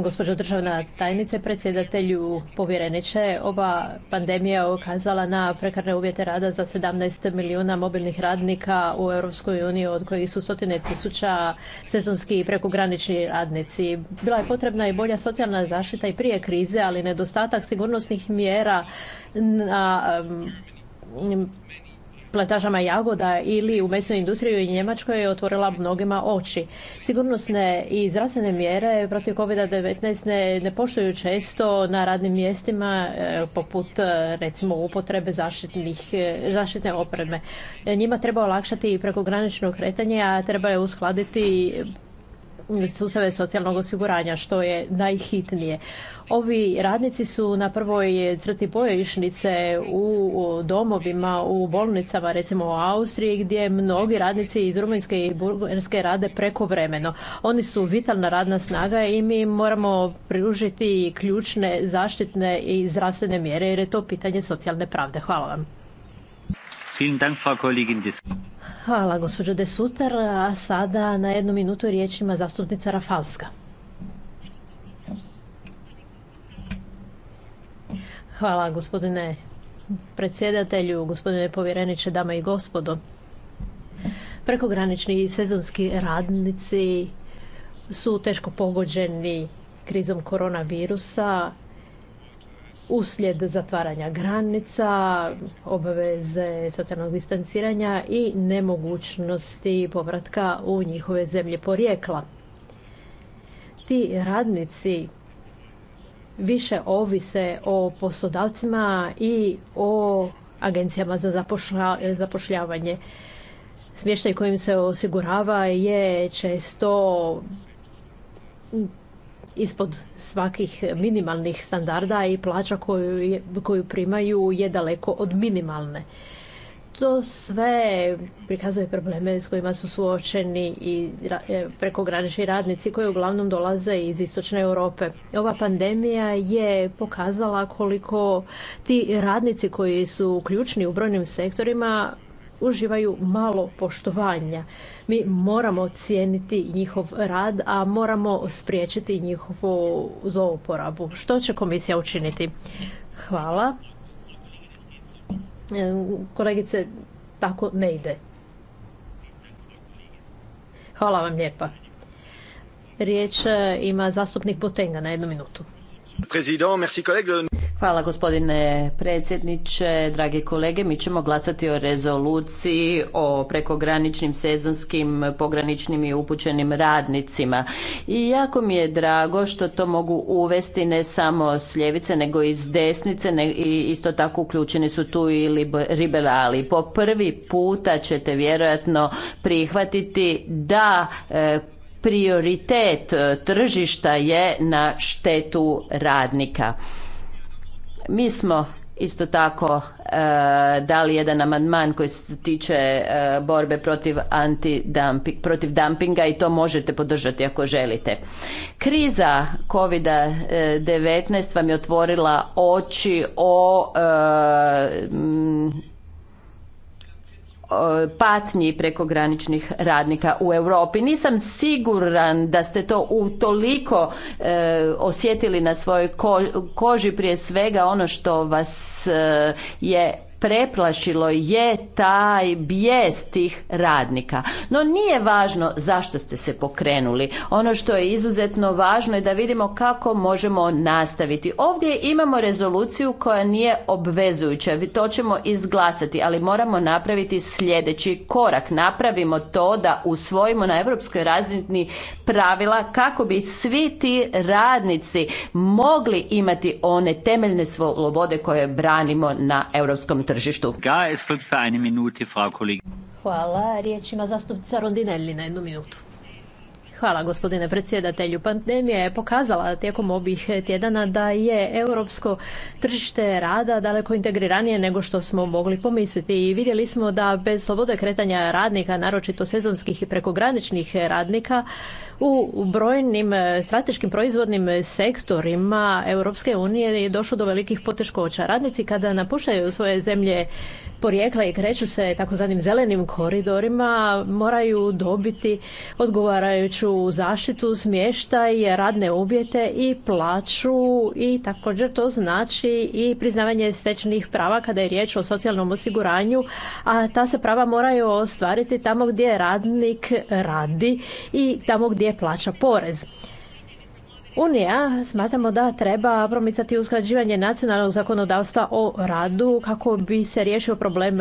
Speaker 3: Gospođo državna tajnice, predsjedatelju povjereniče, ova pandemija je okazala na prekarne uvjete rada za 17 milijuna mobilnih radnika u Europskoj uniji, od kojih su stotine tisuća sezonski i prekogranični radnici. Bila je potrebna i bolja socijalna zaštita i prije krize, ali nedostatak sigurnosnih mjera na plantažama jagoda ili u mesnoj industriji u Njemačkoj je otvorila mnogima oči. Sigurnosne i zdravstvene mjere protiv COVID-19 ne, ne poštuju često na radnim mjestima e, poput e, recimo upotrebe zaštitnih, e, zaštitne opreme. Njima treba olakšati i prekogranično kretanje, a treba je uskladiti sustave socijalnog osiguranja, što je najhitnije. Ovi radnici su na prvoj crti bojišnice u domovima, u bolnicama, recimo u Austriji, gdje mnogi radnici iz Rumunjske i bulgarske rade prekovremeno. Oni su vitalna radna snaga i mi moramo priužiti ključne zaštitne i zdravstvene mjere jer je to pitanje socijalne pravde. Hvala vam. Hvala gospođo De Suter, a sada na jednu minutu riječ ima zastupnica Rafalska. Hvala gospodine predsjedatelju, gospodine povjereniče, dame i gospodo. Prekogranični sezonski radnici su teško pogođeni krizom koronavirusa uslijed zatvaranja granica, obaveze socijalnog distanciranja i nemogućnosti povratka u njihove zemlje porijekla. Ti radnici više ovise o poslodavcima i o agencijama za zapošljavanje. Smještaj kojim se osigurava je često ispod svakih minimalnih standarda i plaća koju, primaju je daleko od minimalne. To sve prikazuje probleme s kojima su suočeni i e, prekogranični radnici koji uglavnom dolaze iz istočne Europe. Ova pandemija je pokazala koliko ti radnici koji su ključni u brojnim sektorima uživaju malo poštovanja. Mi moramo cijeniti njihov rad, a moramo spriječiti njihovu zlouporabu. Što će komisija učiniti? Hvala. E, kolegice, tako ne ide. Hvala vam lijepa. Riječ e, ima zastupnik potenga na jednu minutu.
Speaker 4: merci
Speaker 1: Hvala gospodine predsjedniče, dragi kolege. Mi ćemo glasati o rezoluciji o prekograničnim sezonskim pograničnim i upućenim radnicima. I jako mi je drago što to mogu uvesti ne samo s ljevice nego i s desnice i isto tako uključeni su tu i liberali. Po prvi puta ćete vjerojatno prihvatiti da e, prioritet e, tržišta je na štetu radnika. Mi smo isto tako e, dali jedan amandman koji se tiče e, borbe protiv protiv dumpinga i to možete podržati ako želite. Kriza covid 19 vam je otvorila oči o e, E, patnji prekograničnih radnika u Europi. Nisam siguran da ste to u toliko e, osjetili na svojoj koži prije svega ono što vas e, je preplašilo je taj bijes tih radnika. No nije važno zašto ste se pokrenuli. Ono što je izuzetno važno je da vidimo kako možemo nastaviti. Ovdje imamo rezoluciju koja nije obvezujuća. To ćemo izglasati, ali moramo napraviti sljedeći korak. Napravimo to da usvojimo na europskoj razini pravila kako bi svi ti radnici mogli imati one temeljne slobode koje branimo na europskom
Speaker 6: tržištu.
Speaker 3: Hvala. Riječ ima zastupnica Rondinelli na jednu minutu. Hvala gospodine predsjedatelju. Pandemija je pokazala tijekom ovih tjedana da je europsko tržište rada daleko integriranije nego što smo mogli pomisliti i vidjeli smo da bez slobode kretanja radnika, naročito sezonskih i prekograničnih radnika, u brojnim e, strateškim proizvodnim sektorima Europske unije je došlo do velikih poteškoća. Radnici kada napuštaju svoje zemlje porijekla i kreću se takozvanim zelenim koridorima moraju dobiti odgovarajuću zaštitu, smještaj, radne uvjete i plaću i također to znači i priznavanje stečenih prava kada je riječ o socijalnom osiguranju, a ta se prava moraju ostvariti tamo gdje radnik radi i tamo gdje plaća porez. Unija smatramo da treba promicati usklađivanje nacionalnog zakonodavstva o radu kako bi se riješio problem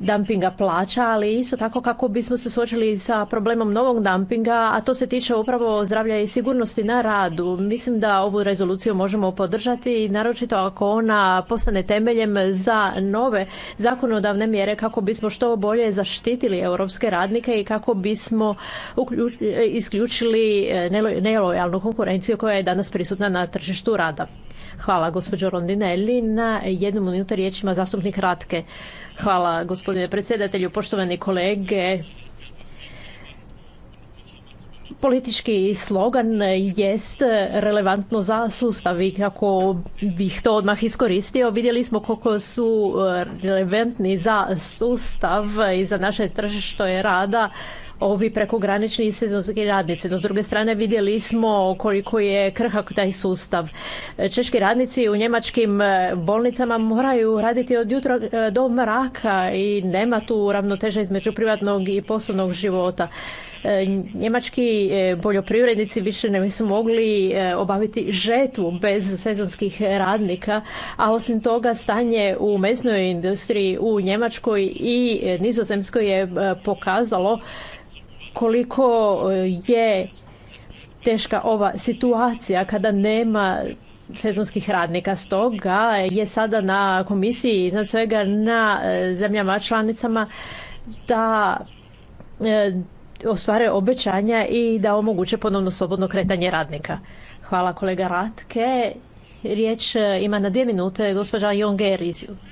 Speaker 3: dumpinga plaća, ali isto tako kako bismo se suočili sa problemom novog dumpinga, a to se tiče upravo zdravlja i sigurnosti na radu. Mislim da ovu rezoluciju možemo podržati, naročito ako ona postane temeljem za nove zakonodavne mjere kako bismo što bolje zaštitili europske radnike i kako bismo isključili e, nelojalnu konkurenciju koja je danas prisutna na tržištu rada. Hvala gospođo Rondinelli. Na jednu minutu riječima zastupnik Ratke. Hvala gospodine predsjedatelju, poštovani kolege. Politički slogan jest relevantno za sustav i kako bih to odmah iskoristio, vidjeli smo koliko su relevantni za sustav i za naše tržište rada ovi prekogranični sezonski radnici. No, s druge strane vidjeli smo koliko je krhak taj sustav. Češki radnici u njemačkim e, bolnicama moraju raditi od jutra e, do mraka i nema tu ravnoteža između privatnog i poslovnog života. E, njemački poljoprivrednici više ne su mogli obaviti žetvu bez sezonskih radnika, a osim toga stanje u mesnoj industriji u Njemačkoj i Nizozemskoj je pokazalo koliko e, je teška ova situacija kada nema sezonskih radnika. Stoga je sada na komisiji, iznad svega na e, zemljama članicama, da e, ostvare obećanja i da omoguće ponovno slobodno kretanje radnika. Hvala kolega Ratke. Riječ ima na dvije minute gospođa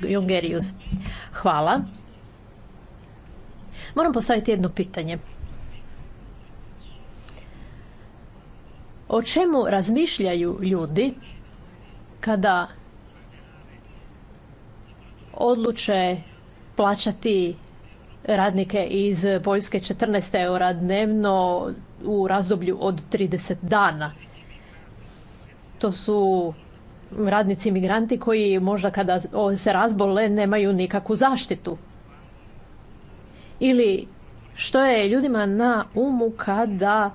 Speaker 3: Jongerius. Hvala. Moram postaviti jedno pitanje. o čemu razmišljaju ljudi kada odluče plaćati radnike iz Poljske 14 eura dnevno u razdoblju od 30 dana. To su radnici migranti koji možda kada se razbole nemaju nikakvu zaštitu. Ili što je ljudima na umu kada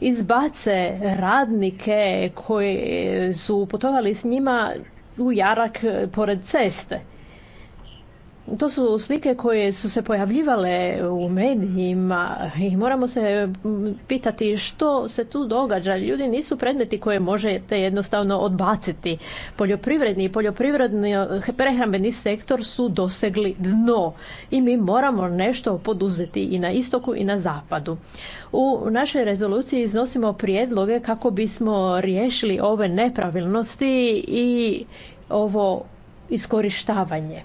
Speaker 3: izbace radnike koji su putovali s njima u jarak pored ceste to su slike koje su se pojavljivale u medijima i moramo se pitati što se tu događa. Ljudi nisu predmeti koje možete jednostavno odbaciti. Poljoprivredni i poljoprivredni e, prehrambeni sektor su dosegli dno i mi moramo nešto poduzeti i na istoku i na zapadu. U našoj rezoluciji iznosimo prijedloge kako bismo riješili ove nepravilnosti i ovo iskorištavanje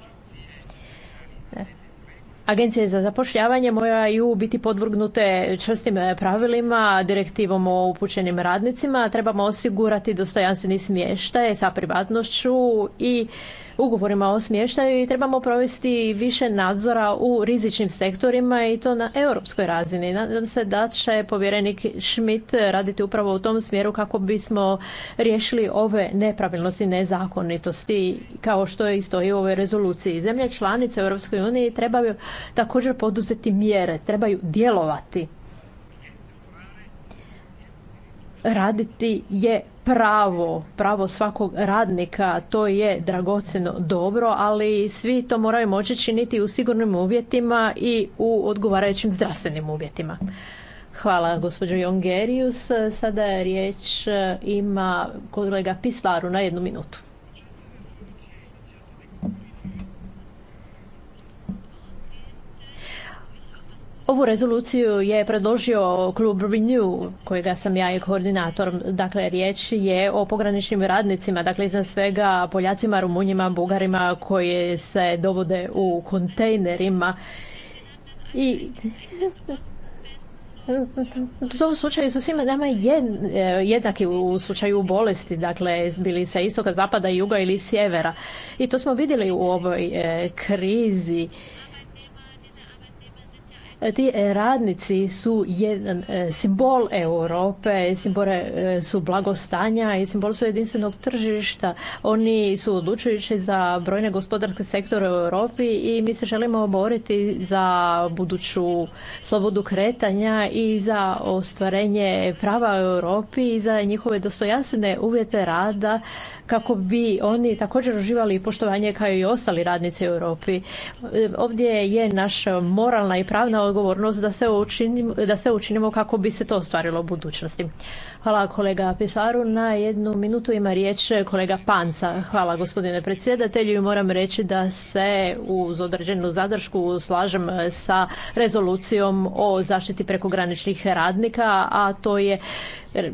Speaker 3: agencije za zapošljavanje moraju biti podvrgnute čvrstim e, pravilima, direktivom o upućenim radnicima. Trebamo osigurati dostojanstveni smještaj sa privatnošću i ugovorima o smještaju i trebamo provesti više nadzora u rizičnim sektorima i to na europskoj razini. Nadam se da će povjerenik Schmidt raditi upravo u tom smjeru kako bismo riješili ove nepravilnosti, nezakonitosti kao što je i stoji u ovoj rezoluciji. Zemlje članice Europskoj uniji trebaju također poduzeti mjere, trebaju djelovati raditi je pravo, pravo svakog radnika, to je dragocjeno dobro, ali svi to moraju moći činiti u sigurnim uvjetima i u odgovarajućim zdravstvenim uvjetima. Hvala gospođo Jongerius. Sada riječ e, ima kolega Pislaru na jednu minutu. Ovu rezoluciju je predložio klub Renew, kojega sam ja i koordinator. Dakle, riječ je o pograničnim radnicima, dakle, iznad svega Poljacima, Rumunjima, Bugarima, koji se dovode u kontejnerima. I u tom slučaju su svima nama jednaki u slučaju bolesti, dakle bili sa istoka, zapada, juga ili sjevera. I to smo vidjeli u ovoj e, krizi ti e, radnici su jedan e, simbol Europe, simbole e, su blagostanja i simbol su jedinstvenog tržišta. Oni su odlučujući za brojne gospodarske sektore u Europi i mi se želimo boriti za buduću slobodu kretanja i za ostvarenje prava u Europi i za njihove dostojanstvene uvjete rada kako bi oni također uživali poštovanje kao i ostali radnici u Europi. Ovdje je naša moralna i pravna odgovornost da se, učinimo, da se učinimo kako bi se to ostvarilo u budućnosti. Hvala kolega Pisaru. Na jednu minutu ima riječ kolega Panca. Hvala gospodine predsjedatelju i moram reći da se uz određenu zadršku slažem sa rezolucijom o zaštiti prekograničnih radnika, a to je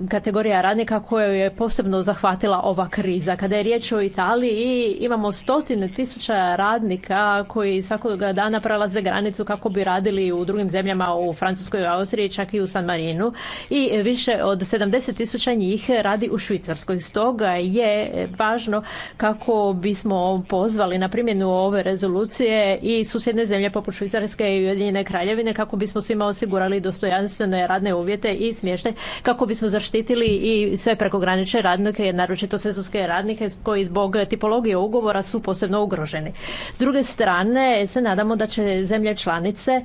Speaker 3: kategorija radnika koju je posebno zahvatila ova kriza. Kada je riječ o Italiji, imamo stotine tisuća radnika koji svakog dana prelaze granicu kako bi radili u drugim zemljama u Francuskoj, Austriji, čak i u San Marinu. I više od 70 tisuća njih radi u Švicarskoj. Stoga je važno kako bismo pozvali na primjenu ove rezolucije i susjedne zemlje poput Švicarske i Ujedinjene kraljevine kako bismo svima osigurali dostojanstvene radne uvjete i smještaj kako bismo zaštitili i sve prekogranične radnike, naročito sezonske radnike koji zbog tipologije ugovora su posebno ugroženi. S druge strane se nadamo da će zemlje članice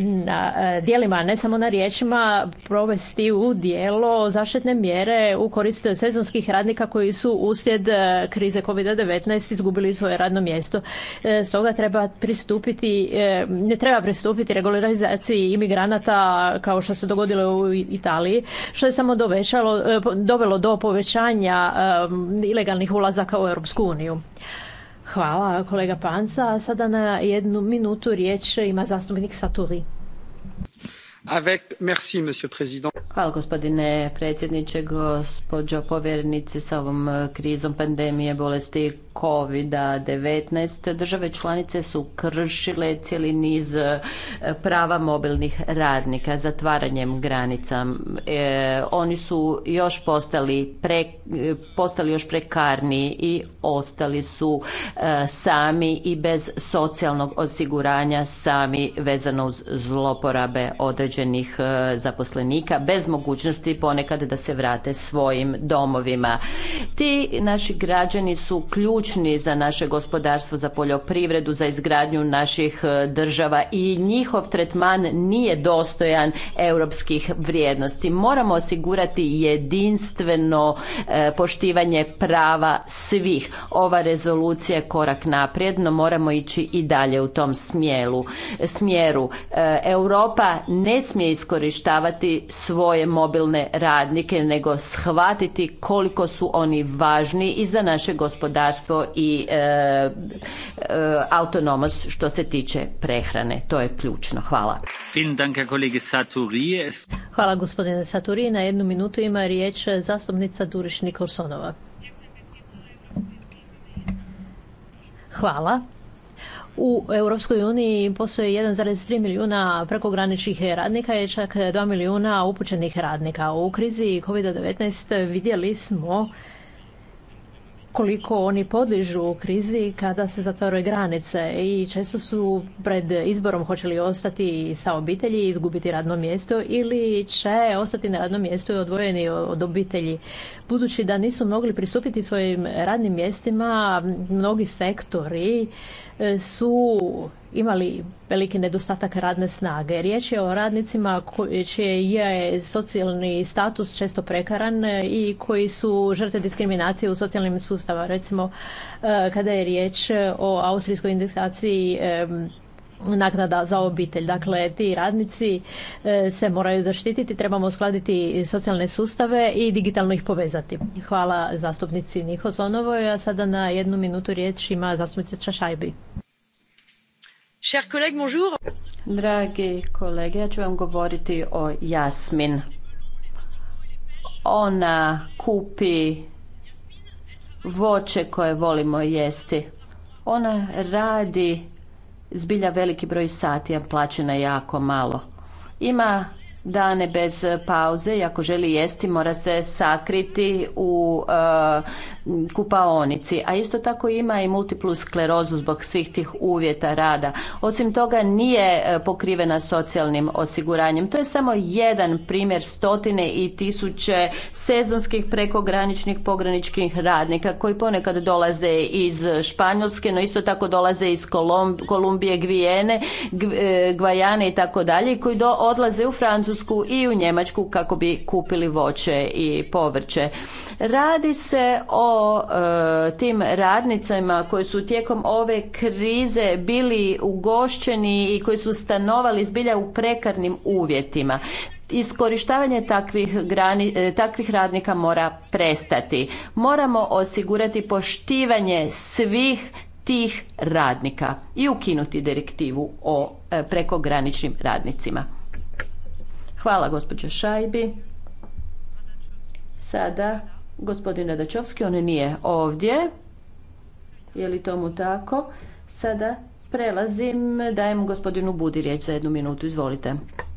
Speaker 3: na e, dijelima, ne samo na riječima, provesti u dijelo zaštitne mjere u korist sezonskih radnika koji su uslijed e, krize COVID-19 izgubili svoje radno mjesto. E, stoga treba pristupiti, ne treba pristupiti regularizaciji imigranata kao što se dogodilo u Italiji, što je samo dovelo do povećanja ilegalnih ulazaka u Europsku uniju. Hvala kolega Panca. Sada na jednu minutu riječ ima zastupnik Saturi. Hvala
Speaker 1: gospodine predsjedniče, gospođo povjerenice sa ovom e, krizom pandemije bolesti COVID-19. Države članice su kršile cijeli niz e, prava mobilnih radnika zatvaranjem granica. E, oni su još postali, još prekarni i ostali su sami i bez socijalnog osiguranja sami vezano uz zloporabe određenih određenih e, zaposlenika bez mogućnosti ponekad da se vrate svojim domovima. Ti naši građani su ključni za naše gospodarstvo, za poljoprivredu, za izgradnju naših e, država i njihov tretman nije dostojan europskih vrijednosti. Moramo osigurati jedinstveno e, poštivanje prava svih. Ova rezolucija je korak naprijed, no moramo ići i dalje u tom smjeru. Europa ne smije iskorištavati svoje mobilne radnike, nego shvatiti koliko su oni važni i za naše gospodarstvo i e, e što se tiče prehrane.
Speaker 6: To je ključno. Hvala.
Speaker 3: Hvala gospodine Saturi. Na jednu minutu ima riječ zastupnica Duriš Nikolsonova. Hvala. U Europskoj uniji postoje 1,3 milijuna prekograničnih radnika i čak 2 milijuna upućenih radnika. U krizi COVID-19 vidjeli smo koliko oni podližu krizi kada se zatvaraju granice i često su pred izborom hoće li ostati sa obitelji i izgubiti radno mjesto ili će ostati na radnom mjestu i odvojeni od obitelji. Budući da nisu mogli pristupiti svojim radnim mjestima, mnogi sektori e, su imali veliki nedostatak radne snage. Riječ je o radnicima čiji je socijalni status često prekaran i koji su žrtve diskriminacije u socijalnim sustavima. Recimo, e, kada je riječ o austrijskoj indeksaciji e, naknada za obitelj. Dakle, ti radnici e, se moraju zaštititi, trebamo uskladiti socijalne sustave i digitalno ih povezati. Hvala zastupnici Nihosonovoj, a sada na jednu minutu riječ ima zastupnica Čašajbi.
Speaker 4: Chers collègues,
Speaker 1: Dragi kolege, ja ću vam govoriti o Jasmin. Ona kupi voće koje volimo jesti. Ona radi zbilja veliki broj sati, a plaćena jako malo. Ima dane bez pauze i ako želi jesti mora se sakriti u e, kupaonici, a isto tako ima i multiplu sklerozu zbog svih tih uvjeta rada. Osim toga nije e, pokrivena socijalnim osiguranjem. To je samo jedan primjer stotine i tisuće sezonskih prekograničnih pograničnih radnika koji ponekad dolaze iz Španjolske, no isto tako dolaze iz Kolumbije, Gvijene, e, Gvajane i tako dalje, koji odlaze u Francusku i u Njemačku kako bi kupili voće i povrće. Radi se o Eh, tim radnicama koji su tijekom ove krize bili ugošćeni i koji su stanovali zbilja u prekarnim uvjetima iskorištavanje takvih, grani, eh, takvih radnika mora prestati. Moramo osigurati poštivanje svih tih radnika i ukinuti direktivu o eh, prekograničnim radnicima. Hvala gospođo Šajbi. Sada Gospodin Radačovski, on nije ovdje. Je li tomu tako? Sada prelazim, dajem gospodinu Budi riječ za jednu minutu, izvolite.